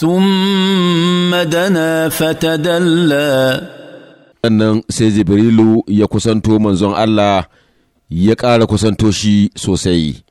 ثم fata فتدلى sannan sai jibrilu ya kusanto manzon Allah ya ƙara kusanto shi sosai